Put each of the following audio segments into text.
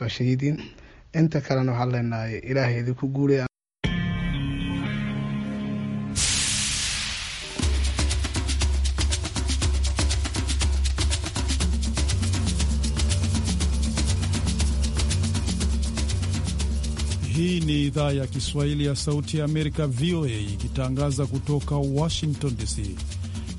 bashiidin inta kalena waxaan leenahay ilaahay idinku guulay Hii ni idhaa ya Kiswahili ya Sauti ya Amerika, VOA, ikitangaza kutoka Washington DC.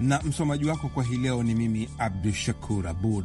na msomaji wako kwa hii leo ni mimi Abdu Shakur Abud.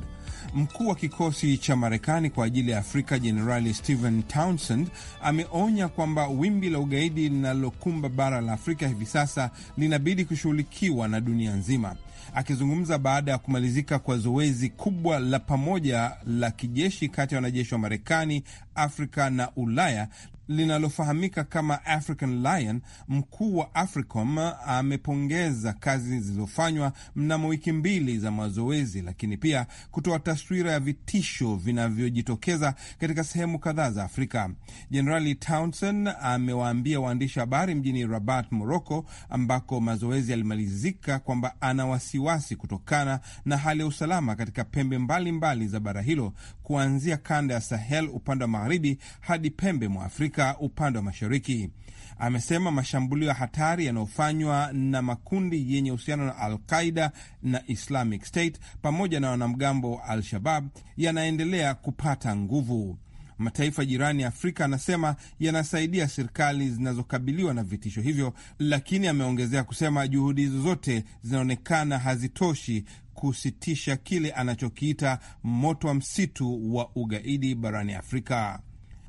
Mkuu wa kikosi cha Marekani kwa ajili ya Afrika Jenerali Stephen Townsend ameonya kwamba wimbi la ugaidi linalokumba bara la Afrika hivi sasa linabidi kushughulikiwa na dunia nzima. Akizungumza baada ya kumalizika kwa zoezi kubwa la pamoja la kijeshi kati ya wanajeshi wa Marekani, Afrika na Ulaya linalofahamika kama African Lion, mkuu wa AFRICOM amepongeza kazi zilizofanywa mnamo wiki mbili za mazoezi, lakini pia kutoa taswira ya vitisho vinavyojitokeza katika sehemu kadhaa za Afrika. Jenerali Townsend amewaambia waandishi habari mjini Rabat, Morocco, ambako mazoezi yalimalizika kwamba ana wasiwasi kutokana na hali ya usalama katika pembe mbalimbali mbali za bara hilo, kuanzia kanda ya Sahel upande wa magharibi hadi pembe mwa Afrika katika upande wa mashariki. Amesema mashambulio ya hatari yanayofanywa na makundi yenye uhusiano na Al-Qaida na Islamic State pamoja na wanamgambo wa Al-Shabab yanaendelea kupata nguvu. Mataifa jirani ya Afrika anasema yanasaidia serikali zinazokabiliwa na vitisho hivyo, lakini ameongezea kusema juhudi hizo zote zinaonekana hazitoshi kusitisha kile anachokiita moto wa msitu wa ugaidi barani Afrika.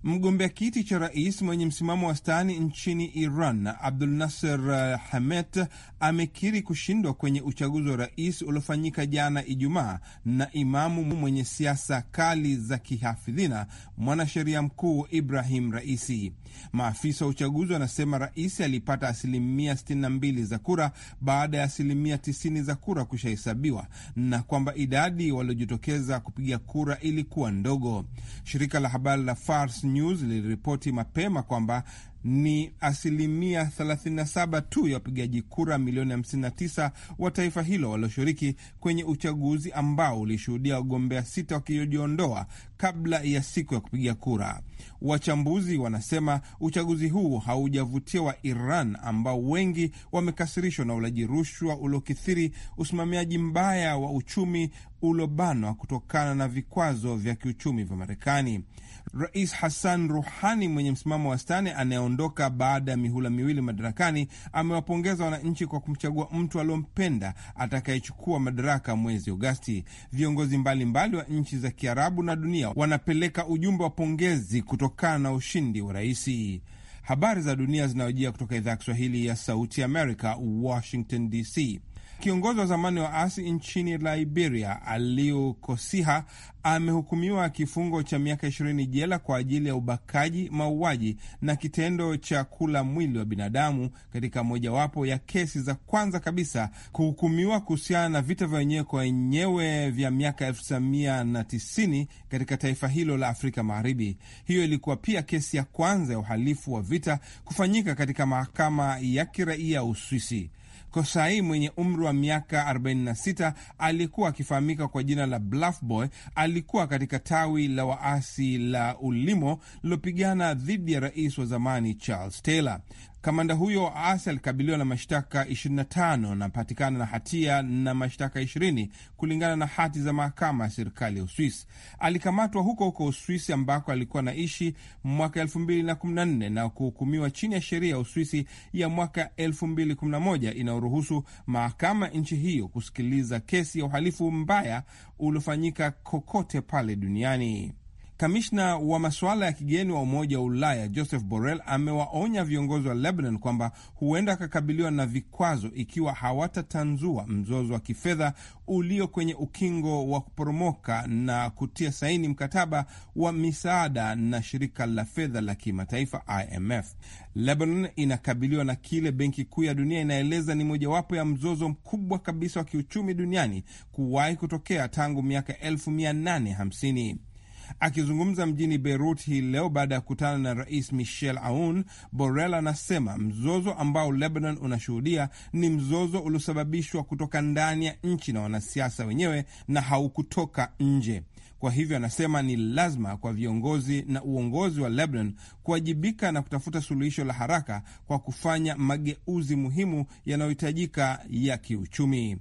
Mgombea kiti cha rais mwenye msimamo wa stani nchini Iran, Abdul Nasser uh, Hamet, amekiri kushindwa kwenye uchaguzi wa rais uliofanyika jana Ijumaa na imamu mwenye siasa kali za kihafidhina, mwanasheria mkuu Ibrahim Raisi. Maafisa wa uchaguzi wanasema rais alipata asilimia 62 za kura baada ya asilimia 90 za kura kushahesabiwa na kwamba idadi waliojitokeza kupiga kura ilikuwa ndogo. Shirika la habari la Fars News liliripoti mapema kwamba ni asilimia 37 tu ya wapigaji kura milioni 59 wa taifa hilo walioshiriki kwenye uchaguzi ambao ulishuhudia wagombea sita wakijiondoa kabla ya siku ya kupiga kura. Wachambuzi wanasema uchaguzi huu haujavutia wa Iran ambao wengi wamekasirishwa na ulaji rushwa uliokithiri, usimamiaji mbaya wa uchumi uliobanwa kutokana na vikwazo vya kiuchumi vya Marekani. Rais Hassan Ruhani mwenye msimamo wastani anayeondoka baada ya mihula miwili madarakani amewapongeza wananchi kwa kumchagua mtu aliompenda atakayechukua madaraka mwezi Agosti. Viongozi mbalimbali mbali wa nchi za Kiarabu na dunia wanapeleka ujumbe wa pongezi kutokana na ushindi wa raisi. Habari za dunia zinayojia kutoka idhaa ya Kiswahili ya Sauti Amerika, Washington DC. Kiongozi wa zamani wa asi nchini Liberia, Aliu Kosiha, amehukumiwa kifungo cha miaka ishirini jela kwa ajili ya ubakaji, mauaji na kitendo cha kula mwili wa binadamu katika mojawapo ya kesi za kwanza kabisa kuhukumiwa kuhusiana na vita vya wenyewe kwa wenyewe vya miaka tisini katika taifa hilo la Afrika Magharibi. Hiyo ilikuwa pia kesi ya kwanza ya uhalifu wa vita kufanyika katika mahakama ya kiraia Uswisi. Kosai mwenye umri wa miaka 46 aliyekuwa akifahamika kwa jina la Bluff Boy alikuwa katika tawi la waasi la Ulimo lililopigana dhidi ya rais wa zamani Charles Taylor. Kamanda huyo wa asi alikabiliwa na mashtaka 25 na patikana na hatia na mashtaka 20 kulingana na hati za mahakama ya serikali ya Uswisi. Alikamatwa huko huko Uswisi ambako alikuwa naishi mwaka 2014 na kuhukumiwa chini ya sheria ya Uswisi ya mwaka 2011 inayoruhusu mahakama nchi hiyo kusikiliza kesi ya uhalifu mbaya uliofanyika kokote pale duniani. Kamishna wa masuala ya kigeni wa Umoja wa Ulaya Joseph Borrell amewaonya viongozi wa Lebanon kwamba huenda akakabiliwa na vikwazo ikiwa hawatatanzua mzozo wa kifedha ulio kwenye ukingo wa kuporomoka na kutia saini mkataba wa misaada na shirika la fedha la kimataifa IMF. Lebanon inakabiliwa na kile Benki Kuu ya Dunia inaeleza ni mojawapo ya mzozo mkubwa kabisa wa kiuchumi duniani kuwahi kutokea tangu miaka 1850. Akizungumza mjini Beirut hii leo baada ya kukutana na rais Michel Aoun, Borrell anasema mzozo ambao Lebanon unashuhudia ni mzozo uliosababishwa kutoka ndani ya nchi na wanasiasa wenyewe na haukutoka nje. Kwa hivyo anasema ni lazima kwa viongozi na uongozi wa Lebanon kuwajibika na kutafuta suluhisho la haraka kwa kufanya mageuzi muhimu yanayohitajika ya kiuchumi.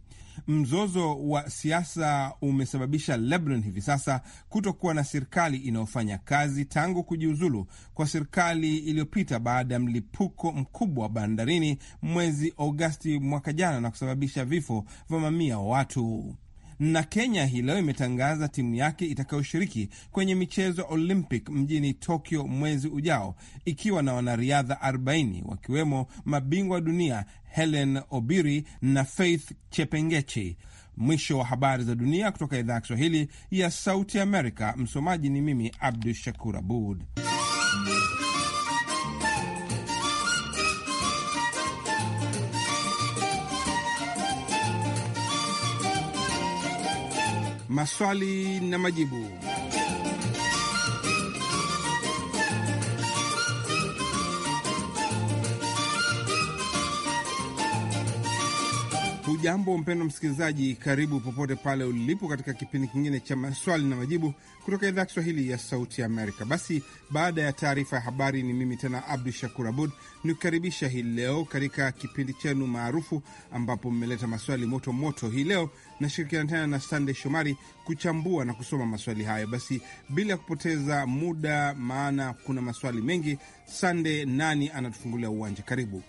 Mzozo wa siasa umesababisha Lebanon hivi sasa kutokuwa na serikali inayofanya kazi tangu kujiuzulu kwa serikali iliyopita baada ya mlipuko mkubwa wa bandarini mwezi Agosti mwaka jana na kusababisha vifo vya mamia wa watu. Na Kenya hii leo imetangaza timu yake itakayoshiriki kwenye michezo Olympic mjini Tokyo mwezi ujao, ikiwa na wanariadha 40 wakiwemo mabingwa wa dunia Helen Obiri na Faith Chepengechi. Mwisho wa habari za dunia kutoka idhaa ya Kiswahili ya Sauti Amerika. Msomaji ni mimi Abdu Shakur Abud. maswali na majibu. Hujambo mpendo msikilizaji, karibu popote pale ulipo katika kipindi kingine cha maswali na majibu kutoka idhaa ya Kiswahili ya Sauti ya Amerika. Basi baada ya taarifa ya habari, ni mimi tena Abdu Shakur Abud nikukaribisha hii leo katika kipindi chenu maarufu ambapo mmeleta maswali moto moto. Hii leo nashirikiana tena na Sandey Shomari kuchambua na kusoma maswali hayo. Basi bila ya kupoteza muda, maana kuna maswali mengi. Sandey, nani anatufungulia uwanja? Karibu.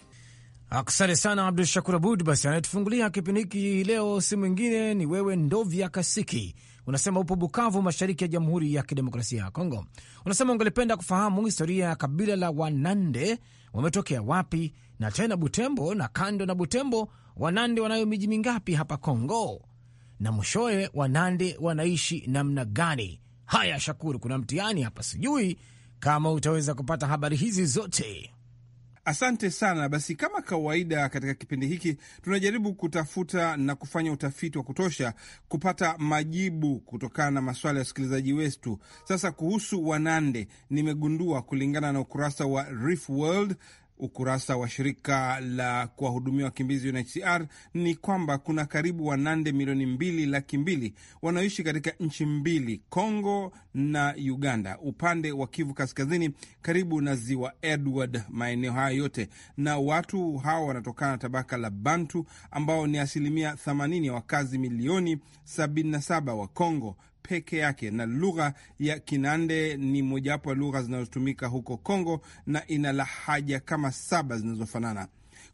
Asante sana Abdu Shakur Abud. Basi anayetufungulia kipindi hiki hii leo si mwingine ni wewe Ndovya Kasiki. Unasema upo Bukavu, mashariki ya Jamhuri ya Kidemokrasia ya Kongo. Unasema ungelipenda kufahamu historia ya kabila la Wanande, wametokea wapi, na tena Butembo na kando na Butembo, Wanande wanayo miji mingapi hapa Kongo, na mwishowe Wanande wanaishi namna gani? Haya Shakuru, kuna mtihani hapa, sijui kama utaweza kupata habari hizi zote. Asante sana. Basi kama kawaida, katika kipindi hiki tunajaribu kutafuta na kufanya utafiti wa kutosha kupata majibu kutokana na maswala ya wasikilizaji wetu. Sasa kuhusu Wanande, nimegundua kulingana na ukurasa wa World ukurasa wa shirika la kuwahudumia wakimbizi UNHCR ni kwamba kuna karibu wanande milioni mbili laki mbili wanaoishi katika nchi mbili, Congo na Uganda, upande wa Kivu Kaskazini karibu na ziwa Edward, maeneo hayo yote. Na watu hawa wanatokana na tabaka la Bantu ambao ni asilimia 80 ya wakazi milioni 77 wa Congo peke yake, na lugha ya Kinande ni mojawapo ya lugha zinazotumika huko Kongo na ina lahaja kama saba zinazofanana.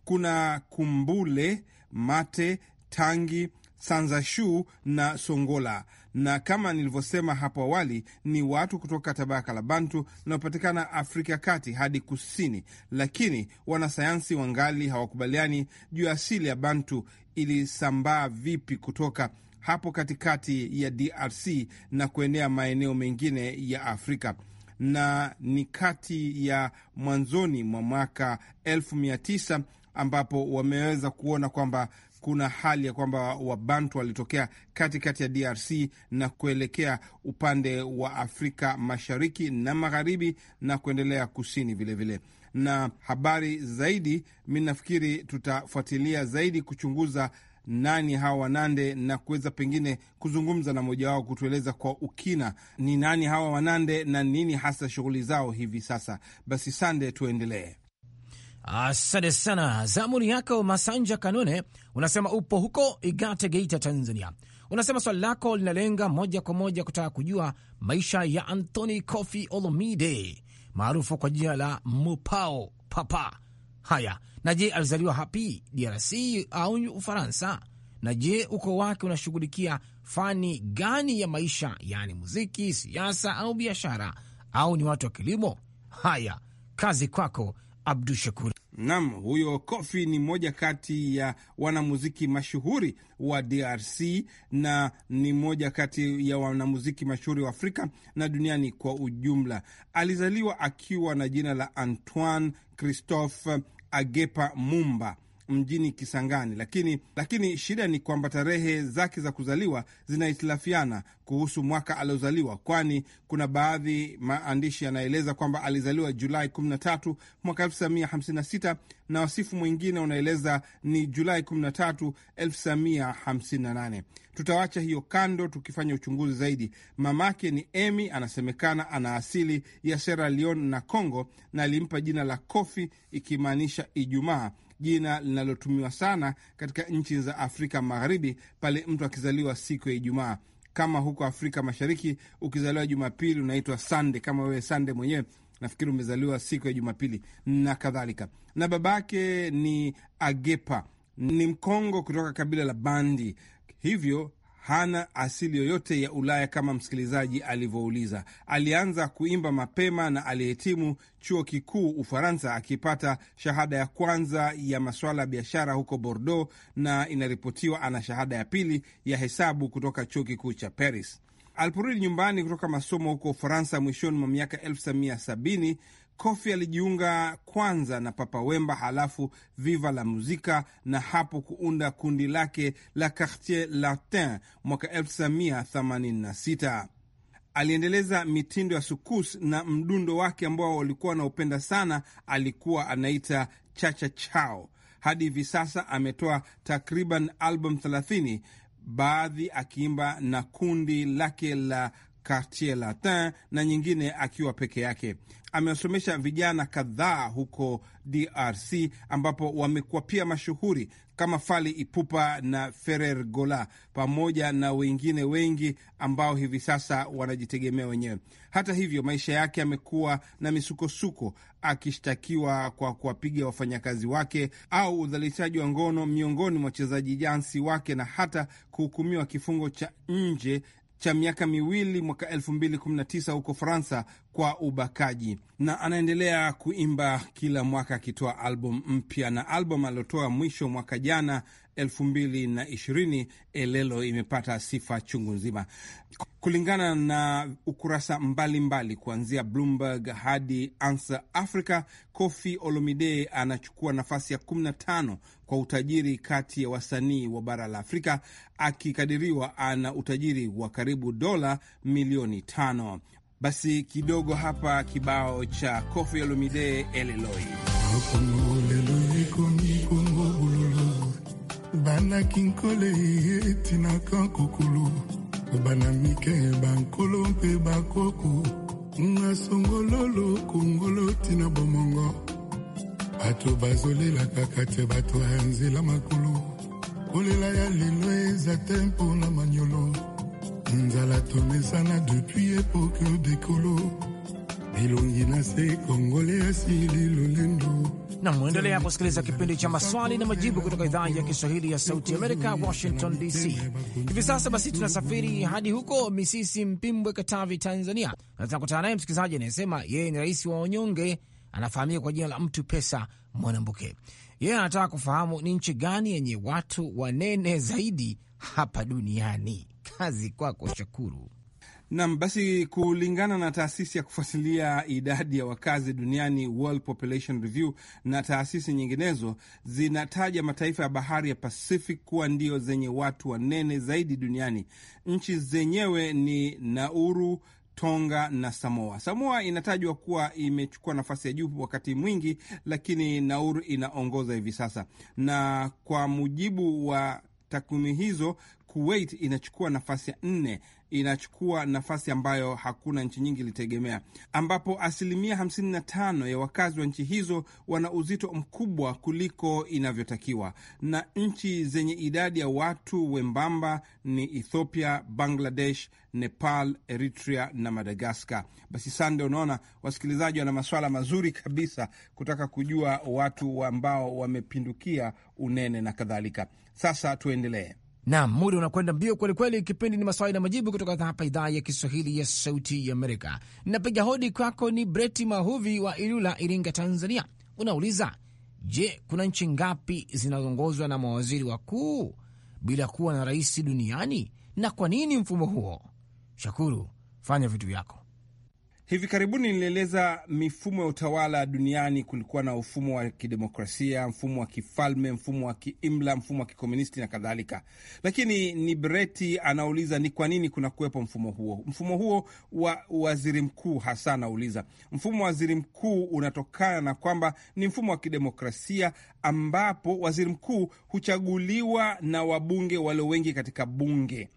Kuna Kumbule, Mate, Tangi, Sanzashu na Songola. Na kama nilivyosema hapo awali, ni watu kutoka tabaka la Bantu wanaopatikana Afrika kati hadi kusini, lakini wanasayansi wangali hawakubaliani juu ya asili ya Bantu ilisambaa vipi kutoka hapo katikati ya DRC na kuenea maeneo mengine ya Afrika na ni kati ya mwanzoni mwa mwaka 9 ambapo wameweza kuona kwamba kuna hali ya kwamba Wabantu walitokea katikati ya DRC na kuelekea upande wa Afrika mashariki na magharibi na kuendelea kusini vilevile vile. Na habari zaidi, mi nafikiri tutafuatilia zaidi kuchunguza nani hawa Wanande na kuweza pengine kuzungumza na mmoja wao kutueleza kwa ukina ni nani hawa Wanande na nini hasa shughuli zao hivi sasa. Basi Sande, tuendelee. Asante sana. Zamuni yako Masanja Kanone, unasema upo huko Igate, Geita, Tanzania. Unasema swali lako linalenga moja kwa moja kutaka kujua maisha ya Anthony Kofi Olomide maarufu kwa jina la Mupao Papa. Haya, na je, alizaliwa hapi DRC au Ufaransa? Na je, ukoo wake unashughulikia fani gani ya maisha, yaani muziki, siasa au biashara, au ni watu wa kilimo? Haya, kazi kwako Abdu Shakur. Nam, huyo Kofi ni mmoja kati ya wanamuziki mashuhuri wa DRC na ni mmoja kati ya wanamuziki mashuhuri wa Afrika na duniani kwa ujumla. Alizaliwa akiwa na jina la Antoine Christophe Agepa Mumba mjini Kisangani, lakini lakini shida ni kwamba tarehe zake za kuzaliwa zinahitilafiana kuhusu mwaka aliozaliwa, kwani kuna baadhi maandishi yanaeleza kwamba alizaliwa Julai 13 mwaka 1956 na wasifu mwingine unaeleza ni Julai 13, 1958. Tutawacha hiyo kando tukifanya uchunguzi zaidi. Mamake ni Emi, anasemekana ana asili ya Sierra Leone na Congo, na alimpa jina la Kofi ikimaanisha Ijumaa jina linalotumiwa sana katika nchi za Afrika Magharibi pale mtu akizaliwa siku ya Ijumaa. Kama huko Afrika Mashariki ukizaliwa Jumapili unaitwa Sande, kama wewe Sande mwenyewe nafikiri umezaliwa siku ya Jumapili na kadhalika. Na babake ni Agepa, ni Mkongo kutoka kabila la Bandi, hivyo hana asili yoyote ya Ulaya kama msikilizaji alivyouliza. Alianza kuimba mapema na alihitimu chuo kikuu Ufaransa, akipata shahada ya kwanza ya masuala ya biashara huko Bordeaux, na inaripotiwa ana shahada ya pili ya hesabu kutoka chuo kikuu cha Paris. Aliporudi nyumbani kutoka masomo huko Ufaransa mwishoni mwa miaka 1970 Kofi alijiunga kwanza na Papa Wemba, halafu Viva la Muzika, na hapo kuunda kundi lake la Quartier Latin mwaka 1986. Aliendeleza mitindo ya sukus na mdundo wake ambao walikuwa wanaopenda sana, alikuwa anaita chacha chao. Hadi hivi sasa ametoa takriban album 30, baadhi akiimba na kundi lake la Quartier Latin na nyingine akiwa peke yake. Amewasomesha vijana kadhaa huko DRC ambapo wamekuwa pia mashuhuri kama fali Ipupa na Ferrer Gola pamoja na wengine wengi ambao hivi sasa wanajitegemea wenyewe. Hata hivyo, maisha yake amekuwa na misukosuko, akishtakiwa kwa kuwapiga wafanyakazi wake au udhalilishaji wa ngono miongoni mwa wachezaji jansi wake na hata kuhukumiwa kifungo cha nje cha miaka miwili mwaka 2019 huko Faransa kwa ubakaji, na anaendelea kuimba kila mwaka akitoa albamu mpya, na albamu aliotoa mwisho mwaka jana 2020 Elelo imepata sifa chungu nzima kulingana na ukurasa mbalimbali mbali, kuanzia Bloomberg hadi Ansa Africa. Kofi Olomide anachukua nafasi ya 15 kwa utajiri kati ya wasanii wa bara la Afrika, akikadiriwa ana utajiri wa karibu dola milioni tano. Basi kidogo hapa kibao cha Koffi Olomide Eleloi bana kinkole etinaka kokulu bana mike bankolo mpe bakoko ngasongololo kongolo tina bomongo bato bazolela kaka te bato ya nzela makolo kolela ya lelo eza te mpona manyolo nzala tomesana depuis epoke dekolo bilongi na se ekongole asili lolendo na mwendelea kusikiliza kipindi cha maswali na majibu kutoka idhaa ya Kiswahili ya Sauti Amerika, Washington DC. Hivi sasa basi, tunasafiri hadi huko Misisi, Mpimbwe, Katavi, Tanzania. Nataka kutana naye msikilizaji anayesema yeye ni rais wa wanyonge anafahamika kwa jina la Mtu Pesa Mwanambuke. Yeye anataka kufahamu ni nchi gani yenye watu wanene zaidi hapa duniani. Kazi kwako, shakuru Nam, basi, kulingana na taasisi ya kufuatilia idadi ya wakazi duniani World Population Review na taasisi nyinginezo zinataja mataifa ya bahari ya Pacific kuwa ndio zenye watu wanene zaidi duniani. Nchi zenyewe ni Nauru, Tonga na Samoa. Samoa inatajwa kuwa imechukua nafasi ya juu wakati mwingi, lakini Nauru inaongoza hivi sasa, na kwa mujibu wa takwimu hizo Kuwait inachukua nafasi ya nne, inachukua nafasi ambayo hakuna nchi nyingi ilitegemea, ambapo asilimia 55 ya wakazi wa nchi hizo wana uzito mkubwa kuliko inavyotakiwa. Na nchi zenye idadi ya watu wembamba ni Ethiopia, Bangladesh, Nepal, Eritrea na Madagaskar. Basi Sande, unaona wasikilizaji wana maswala mazuri kabisa kutaka kujua watu ambao wamepindukia unene na kadhalika. Sasa tuendelee nam muda unakwenda mbio kwelikweli. Kipindi ni maswali na majibu kutoka hapa idhaa ya Kiswahili ya Sauti ya Amerika. Napiga hodi kwako ni Breti Mahuvi wa Ilula, Iringa, Tanzania. Unauliza, je, kuna nchi ngapi zinazoongozwa na mawaziri wakuu bila kuwa na rais duniani, na kwa nini mfumo huo? Shakuru, fanya vitu vyako. Hivi karibuni nilieleza mifumo ya utawala duniani. Kulikuwa na mfumo wa kidemokrasia, mfumo wa kifalme, mfumo wa kiimla, mfumo wa kikomunisti na kadhalika. Lakini ni Breti anauliza ni kwa nini kuna kuwepo mfumo huo, mfumo huo wa waziri mkuu hasa. Anauliza mfumo wa waziri mkuu unatokana na kwamba ni mfumo wa kidemokrasia ambapo waziri mkuu huchaguliwa na wabunge walio wengi katika bunge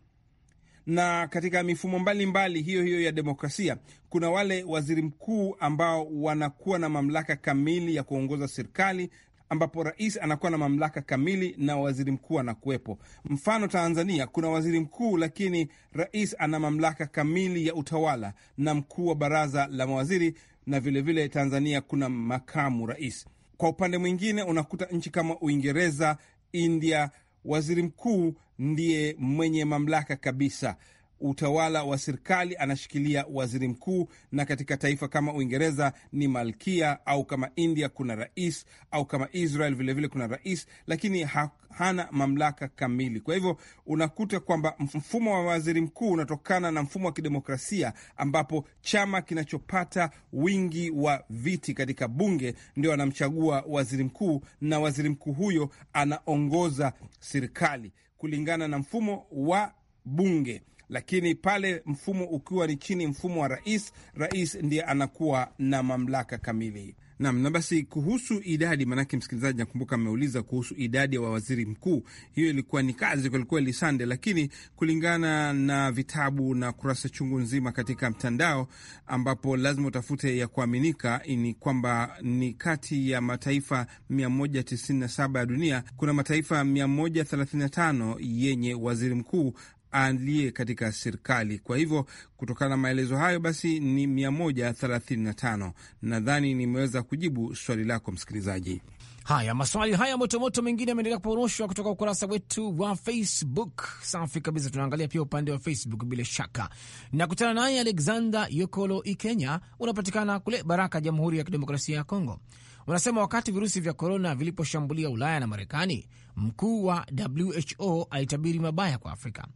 na katika mifumo mbalimbali hiyo hiyo ya demokrasia kuna wale waziri mkuu ambao wanakuwa na mamlaka kamili ya kuongoza serikali ambapo rais anakuwa na mamlaka kamili na waziri mkuu anakuwepo. Mfano, Tanzania kuna waziri mkuu, lakini rais ana mamlaka kamili ya utawala na mkuu wa baraza la mawaziri, na vilevile vile Tanzania kuna makamu rais. Kwa upande mwingine, unakuta nchi kama Uingereza, India, waziri mkuu ndiye mwenye mamlaka kabisa utawala wa serikali anashikilia waziri mkuu, na katika taifa kama Uingereza ni malkia, au kama India kuna rais, au kama Israel vilevile vile kuna rais, lakini ha hana mamlaka kamili. Kwa hivyo unakuta kwamba mfumo wa waziri mkuu unatokana na mfumo wa kidemokrasia ambapo chama kinachopata wingi wa viti katika bunge ndio anamchagua waziri mkuu, na waziri mkuu huyo anaongoza serikali kulingana na mfumo wa bunge lakini pale mfumo ukiwa ni chini mfumo wa rais, rais ndiye anakuwa na mamlaka kamili. Nam na basi, kuhusu idadi, maanake msikilizaji nakumbuka ameuliza kuhusu idadi ya wa waziri mkuu. Hiyo ilikuwa ni kazi kwelikweli, Sande, lakini kulingana na vitabu na kurasa chungu nzima katika mtandao, ambapo lazima utafute ya kuaminika, ni kwamba ni kati ya mataifa 197 ya dunia kuna mataifa 135 yenye waziri mkuu aliye katika serikali. Kwa hivyo kutokana na maelezo hayo basi ni 135. Nadhani nimeweza kujibu swali lako msikilizaji. Haya, maswali haya motomoto mengine yameendelea kuporoshwa kutoka ukurasa wetu wa Facebook. Safi kabisa, tunaangalia pia upande wa Facebook bila shaka. Nakutana naye Alexander Yokolo Ikenya, unapatikana kule Baraka, Jamhuri ya Kidemokrasia ya Kongo. Unasema wakati virusi vya korona viliposhambulia Ulaya na Marekani, mkuu wa WHO alitabiri mabaya kwa Afrika.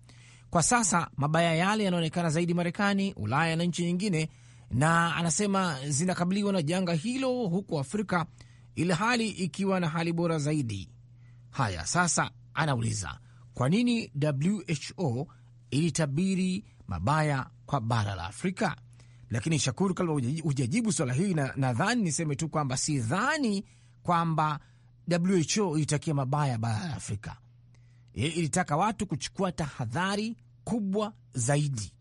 Kwa sasa mabaya yale yanaonekana zaidi Marekani, Ulaya na nchi nyingine, na anasema zinakabiliwa na janga hilo huku Afrika ili hali ikiwa na hali bora zaidi. Haya, sasa anauliza kwa nini WHO ilitabiri mabaya kwa bara la Afrika? Lakini Shakuru, kabla hujajibu swala hili, nadhani na niseme tu kwamba sidhani kwamba WHO ilitakia mabaya bara la Afrika ilitaka watu kuchukua tahadhari kubwa zaidi,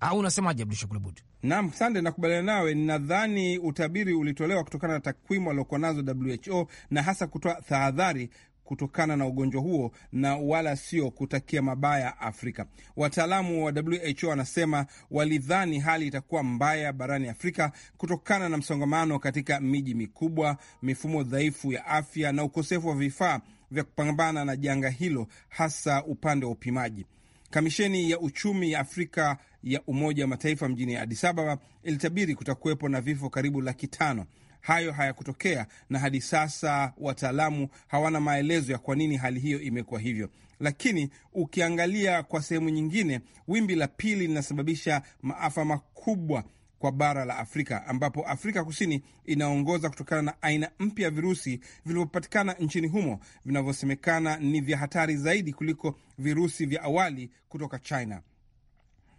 au unasemaje Abdu Shakur Abud? Naam, sande, nakubaliana nawe. Nadhani utabiri ulitolewa kutokana na takwimu aliokuwa nazo WHO na hasa kutoa tahadhari kutokana na ugonjwa huo na wala sio kutakia mabaya Afrika. Wataalamu wa WHO wanasema walidhani hali itakuwa mbaya barani Afrika kutokana na msongamano katika miji mikubwa, mifumo dhaifu ya afya na ukosefu wa vifaa vya kupambana na janga hilo, hasa upande wa upimaji. Kamisheni ya uchumi ya Afrika ya Umoja wa Mataifa mjini Addis Ababa ilitabiri kutakuwepo na vifo karibu laki tano hayo hayakutokea, na hadi sasa wataalamu hawana maelezo ya kwa nini hali hiyo imekuwa hivyo. Lakini ukiangalia kwa sehemu nyingine, wimbi la pili linasababisha maafa makubwa kwa bara la Afrika ambapo Afrika Kusini inaongoza kutokana na aina mpya ya virusi vilivyopatikana nchini humo vinavyosemekana ni vya hatari zaidi kuliko virusi vya awali kutoka China.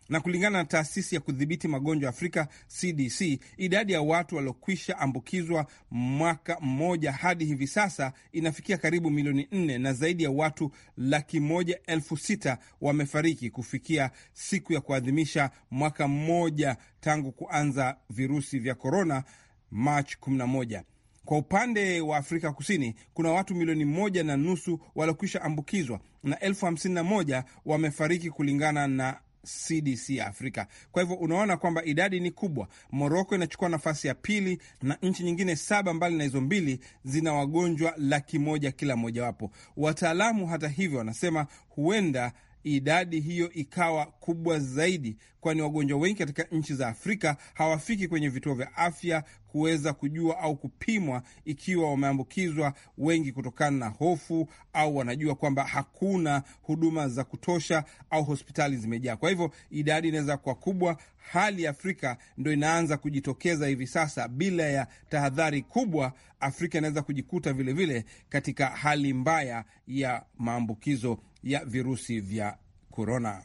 Na kulingana na taasisi ya kudhibiti magonjwa Afrika CDC, idadi ya watu waliokwisha ambukizwa mwaka mmoja hadi hivi sasa inafikia karibu milioni nne na zaidi ya watu laki moja elfu sita wamefariki kufikia siku ya kuadhimisha mwaka mmoja tangu kuanza virusi vya korona Machi 11. Kwa upande wa Afrika Kusini kuna watu milioni moja na nusu waliokwisha ambukizwa na elfu hamsini na moja wamefariki kulingana na CDC ya Afrika. Kwa hivyo unaona kwamba idadi ni kubwa. Moroko inachukua nafasi ya pili na nchi nyingine saba mbali na hizo mbili zina wagonjwa laki moja kila mojawapo. Wataalamu hata hivyo wanasema huenda idadi hiyo ikawa kubwa zaidi, kwani wagonjwa wengi katika nchi za Afrika hawafiki kwenye vituo vya afya kuweza kujua au kupimwa ikiwa wameambukizwa, wengi kutokana na hofu au wanajua kwamba hakuna huduma za kutosha au hospitali zimejaa. Kwa hivyo idadi inaweza kuwa kubwa. Hali ya Afrika ndo inaanza kujitokeza hivi sasa. Bila ya tahadhari kubwa, Afrika inaweza kujikuta vilevile vile katika hali mbaya ya maambukizo ya virusi vya korona.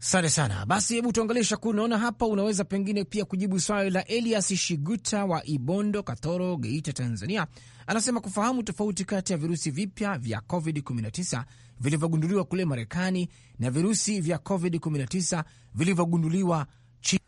Asante sana. Basi hebu tuangalie, Shakuru, naona hapa unaweza pengine pia kujibu swali la Elias Shiguta wa Ibondo, Katoro, Geita, Tanzania. Anasema kufahamu tofauti kati ya virusi vipya vya COVID-19 vilivyogunduliwa kule Marekani na virusi vya COVID-19 vilivyogunduliwa chini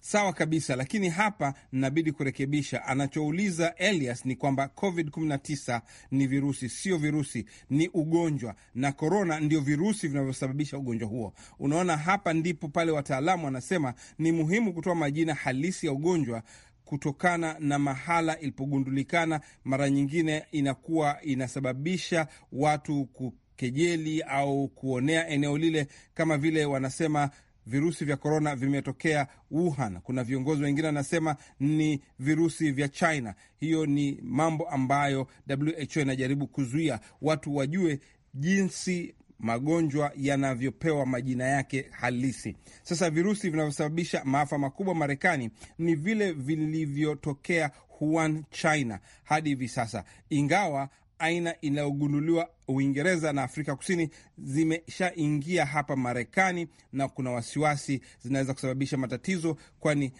sawa kabisa, lakini hapa nabidi kurekebisha. Anachouliza Elias ni kwamba COVID-19 ni virusi, sio virusi, ni ugonjwa, na korona ndio virusi vinavyosababisha ugonjwa huo. Unaona, hapa ndipo pale wataalamu wanasema ni muhimu kutoa majina halisi ya ugonjwa kutokana na mahala ilipogundulikana. Mara nyingine inakuwa inasababisha watu ku kejeli au kuonea eneo lile, kama vile wanasema virusi vya korona vimetokea Wuhan. Kuna viongozi wengine wanasema ni virusi vya China. Hiyo ni mambo ambayo WHO inajaribu kuzuia watu wajue jinsi magonjwa yanavyopewa majina yake halisi. Sasa virusi vinavyosababisha maafa makubwa Marekani ni vile vilivyotokea Wuhan, China hadi hivi sasa, ingawa aina inayogunduliwa Uingereza na Afrika Kusini zimeshaingia hapa Marekani, na kuna wasiwasi zinaweza kusababisha matatizo, kwani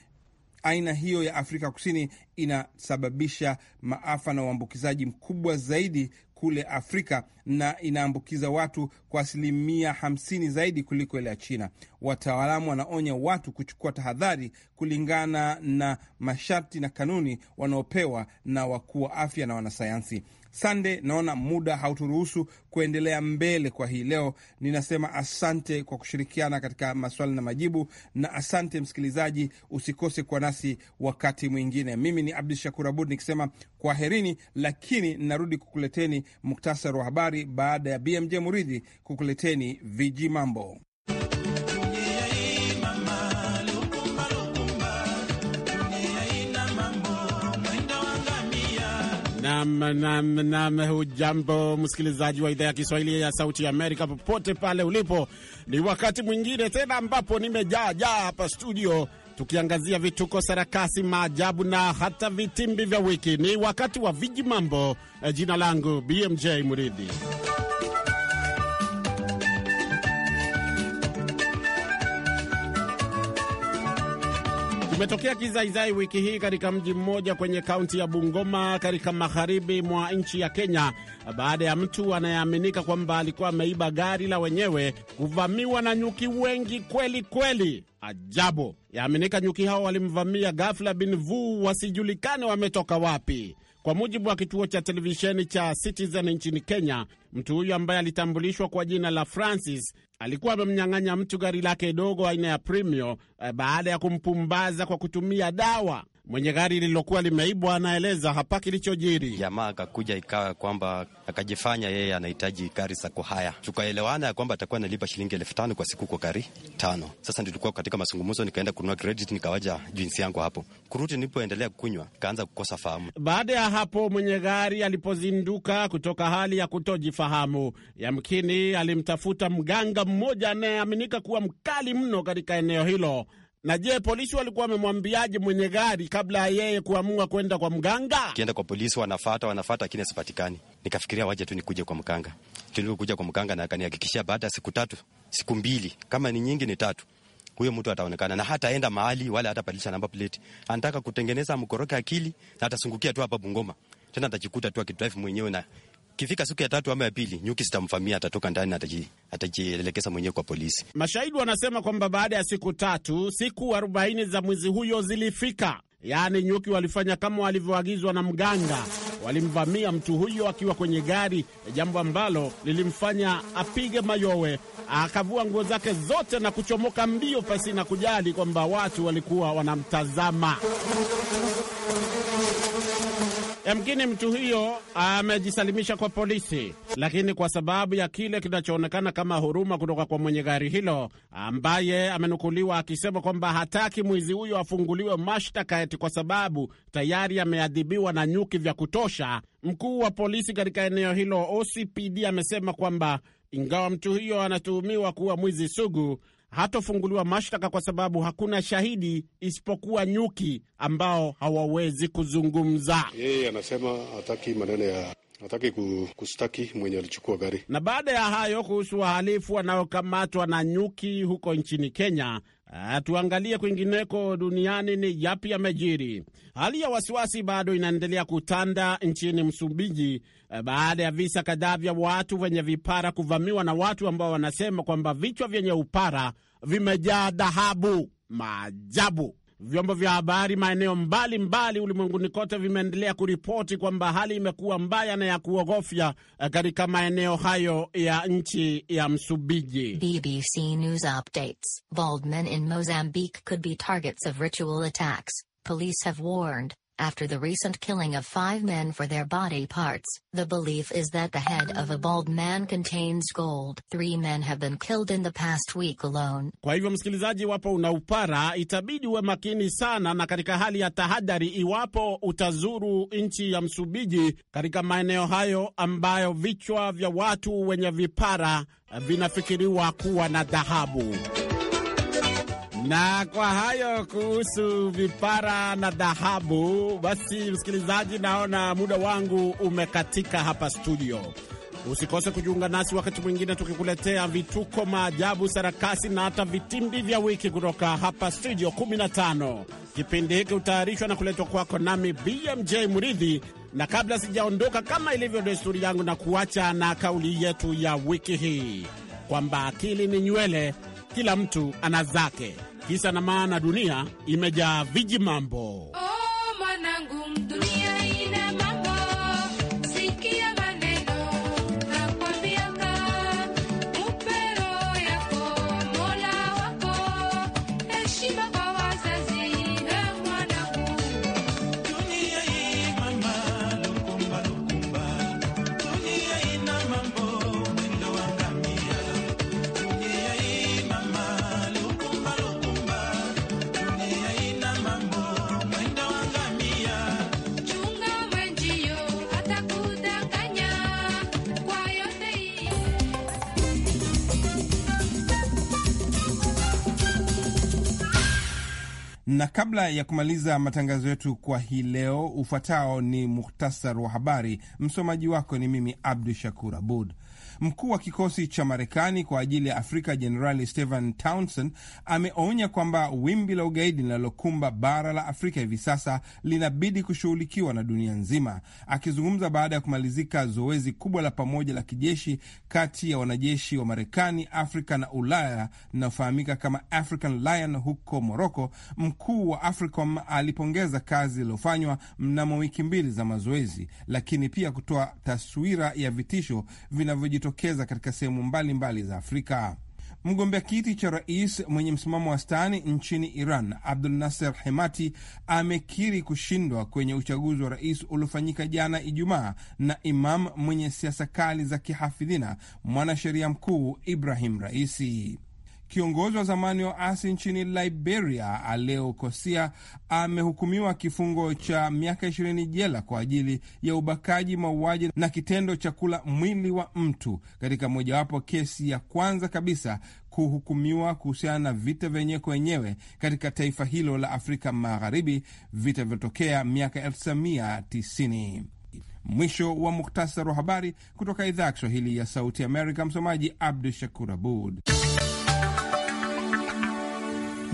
aina hiyo ya Afrika Kusini inasababisha maafa na uambukizaji mkubwa zaidi kule Afrika na inaambukiza watu kwa asilimia hamsini zaidi kuliko ile ya China. Wataalamu wanaonya watu kuchukua tahadhari kulingana na masharti na kanuni wanaopewa na wakuu wa afya na wanasayansi. Sande, naona muda hauturuhusu kuendelea mbele kwa hii leo. Ninasema asante kwa kushirikiana katika maswali na majibu, na asante msikilizaji, usikose kwa nasi wakati mwingine. Mimi ni Abdu Shakur Abud nikisema kwaherini, lakini narudi kukuleteni muktasari wa habari baada ya BMJ Muridhi kukuleteni viji mambo. Nam, nam, hujambo msikilizaji wa idhaa ya Kiswahili ya Sauti ya Amerika, popote pale ulipo. Ni wakati mwingine tena ambapo nimejaajaa hapa studio tukiangazia vituko, sarakasi, maajabu na hata vitimbi vya wiki. Ni wakati wa viji mambo. Eh, jina langu BMJ Muridhi. Kumetokea kizaizai wiki hii katika mji mmoja kwenye kaunti ya Bungoma katika magharibi mwa nchi ya Kenya baada ya mtu anayeaminika kwamba alikuwa ameiba gari la wenyewe kuvamiwa na nyuki wengi kweli kweli. Ajabu, yaaminika nyuki hao walimvamia ghafla bin vu, wasijulikane wametoka wapi. Kwa mujibu wa kituo cha televisheni cha Citizen nchini Kenya, mtu huyo ambaye alitambulishwa kwa jina la Francis alikuwa amemnyang'anya mtu gari lake dogo aina ya Premio eh, baada ya kumpumbaza kwa kutumia dawa. Mwenye gari lililokuwa limeibwa anaeleza hapa kilichojiri. Jamaa akakuja ikawa kwamba akajifanya yeye anahitaji gari za kuhaya, tukaelewana ya kwamba atakuwa analipa shilingi elfu tano kwa siku kwa gari tano. Sasa nilikuwa katika mazungumzo, nikaenda kununua kredit, nikawaja jinsi yangu hapo kuruti. Nilipoendelea kunywa, kaanza kukosa fahamu. Baada ya hapo, mwenye gari alipozinduka kutoka hali ya kutojifahamu, yamkini alimtafuta mganga mmoja anayeaminika kuwa mkali mno katika eneo hilo na je, polisi walikuwa wamemwambiaje mwenye gari kabla ya yeye kuamua kwenda kwa mganga? Kienda kwa polisi, wanafata wanafata, lakini asipatikani. Nikafikiria waje tu nikuje kwa mganga. Tulivyokuja kwa mganga, na akanihakikishia baada ya siku tatu, siku mbili, kama ni nyingi ni tatu, huyo mtu ataonekana na hataenda mahali wala hatabadilisha namba plate. Anataka kutengeneza mkoroke akili na atasungukia tu hapa Bungoma, tena atajikuta tu akidrive mwenyewe na Kifika siku ya tatu ama ya pili, nyuki zitamvamia, atatoka ndani, atajielekeza mwenyewe kwa polisi. Mashahidi wanasema kwamba baada ya siku tatu, siku arobaini za mwezi huyo zilifika, yaani nyuki walifanya kama walivyoagizwa na mganga, walimvamia mtu huyo akiwa kwenye gari, jambo ambalo lilimfanya apige mayowe, akavua nguo zake zote na kuchomoka mbio, pasi na kujali kwamba watu walikuwa wanamtazama. Yamkini mtu huyo amejisalimisha kwa polisi, lakini kwa sababu ya kile kinachoonekana kama huruma kutoka kwa mwenye gari hilo ambaye amenukuliwa akisema kwamba hataki mwizi huyo afunguliwe mashtaka eti kwa sababu tayari ameadhibiwa na nyuki vya kutosha. Mkuu wa polisi katika eneo hilo OCPD amesema kwamba ingawa mtu huyo anatuhumiwa kuwa mwizi sugu, hatofunguliwa mashtaka kwa sababu hakuna shahidi isipokuwa nyuki ambao hawawezi kuzungumza. Yeye anasema hataki maneno ya hataki kustaki mwenye alichukua gari. Na baada ya hayo, kuhusu wahalifu wanaokamatwa na nyuki huko nchini Kenya, Uh, tuangalie kwingineko duniani ni yapi yamejiri. Hali ya wasiwasi bado inaendelea kutanda nchini Msumbiji uh, baada ya visa kadhaa vya watu wenye vipara kuvamiwa na watu ambao wanasema kwamba vichwa vyenye upara vimejaa dhahabu. Maajabu! Vyombo vya habari maeneo mbalimbali ulimwenguni kote vimeendelea kuripoti kwamba hali imekuwa mbaya na ya kuogofya eh, katika maeneo hayo ya nchi ya Msumbiji. BBC News Updates. Baldmen in Mozambique could be targets of ritual attacks, police have warned. After the recent killing of five men for their body parts, the belief is that the head of a bald man contains gold. Three men have been killed in the past week alone. Kwa hivyo, msikilizaji, iwapo una upara, itabidi uwe makini sana na katika hali ya tahadhari, iwapo utazuru nchi ya Msumbiji katika maeneo hayo ambayo vichwa vya watu wenye vipara vinafikiriwa kuwa na dhahabu. Na kwa hayo kuhusu vipara na dhahabu, basi msikilizaji, naona muda wangu umekatika hapa studio. Usikose kujiunga nasi wakati mwingine tukikuletea vituko, maajabu, sarakasi na hata vitimbi vya wiki kutoka hapa studio 15. Kipindi hiki hutayarishwa na kuletwa kwako nami BMJ Muridhi, na kabla sijaondoka, kama ilivyo desturi yangu, na kuacha na kauli yetu ya wiki hii kwamba akili ni nywele, kila mtu ana zake. Kisa na maana, dunia imejaa viji mambo. Oh, Na kabla ya kumaliza matangazo yetu kwa hii leo, ufuatao ni muhtasar wa habari. Msomaji wako ni mimi Abdu Shakur Abud. Mkuu wa kikosi cha Marekani kwa ajili ya Afrika Jenerali Stephen Townsend ameonya kwamba wimbi la ugaidi linalokumba bara la Afrika hivi sasa linabidi kushughulikiwa na dunia nzima. Akizungumza baada ya kumalizika zoezi kubwa la pamoja la kijeshi kati ya wanajeshi wa Marekani, Afrika na Ulaya linalofahamika kama African Lion huko Moroko, mkuu wa AFRICOM alipongeza kazi iliyofanywa mnamo wiki mbili za mazoezi, lakini pia kutoa taswira ya vitisho vinavyoji kujitokeza katika sehemu mbalimbali za Afrika. Mgombea kiti cha rais mwenye msimamo stani nchini Iran, Abdul Nasser Hemati, amekiri kushindwa kwenye uchaguzi wa rais uliofanyika jana Ijumaa na Imam mwenye siasa kali za kihafidhina, mwanasheria mkuu Ibrahim Raisi. Kiongozi wa zamani wa asi nchini Liberia, Aleo Kosia, amehukumiwa kifungo cha miaka ishirini jela kwa ajili ya ubakaji, mauaji na kitendo cha kula mwili wa mtu katika mojawapo kesi ya kwanza kabisa kuhukumiwa kuhusiana na vita vyenyewe kwa wenyewe katika taifa hilo la Afrika Magharibi, vita vilivyotokea miaka 1990. Mwisho wa muktasari wa habari kutoka idhaa ya Kiswahili ya Sauti Amerika. Msomaji Abdu Shakur Abud.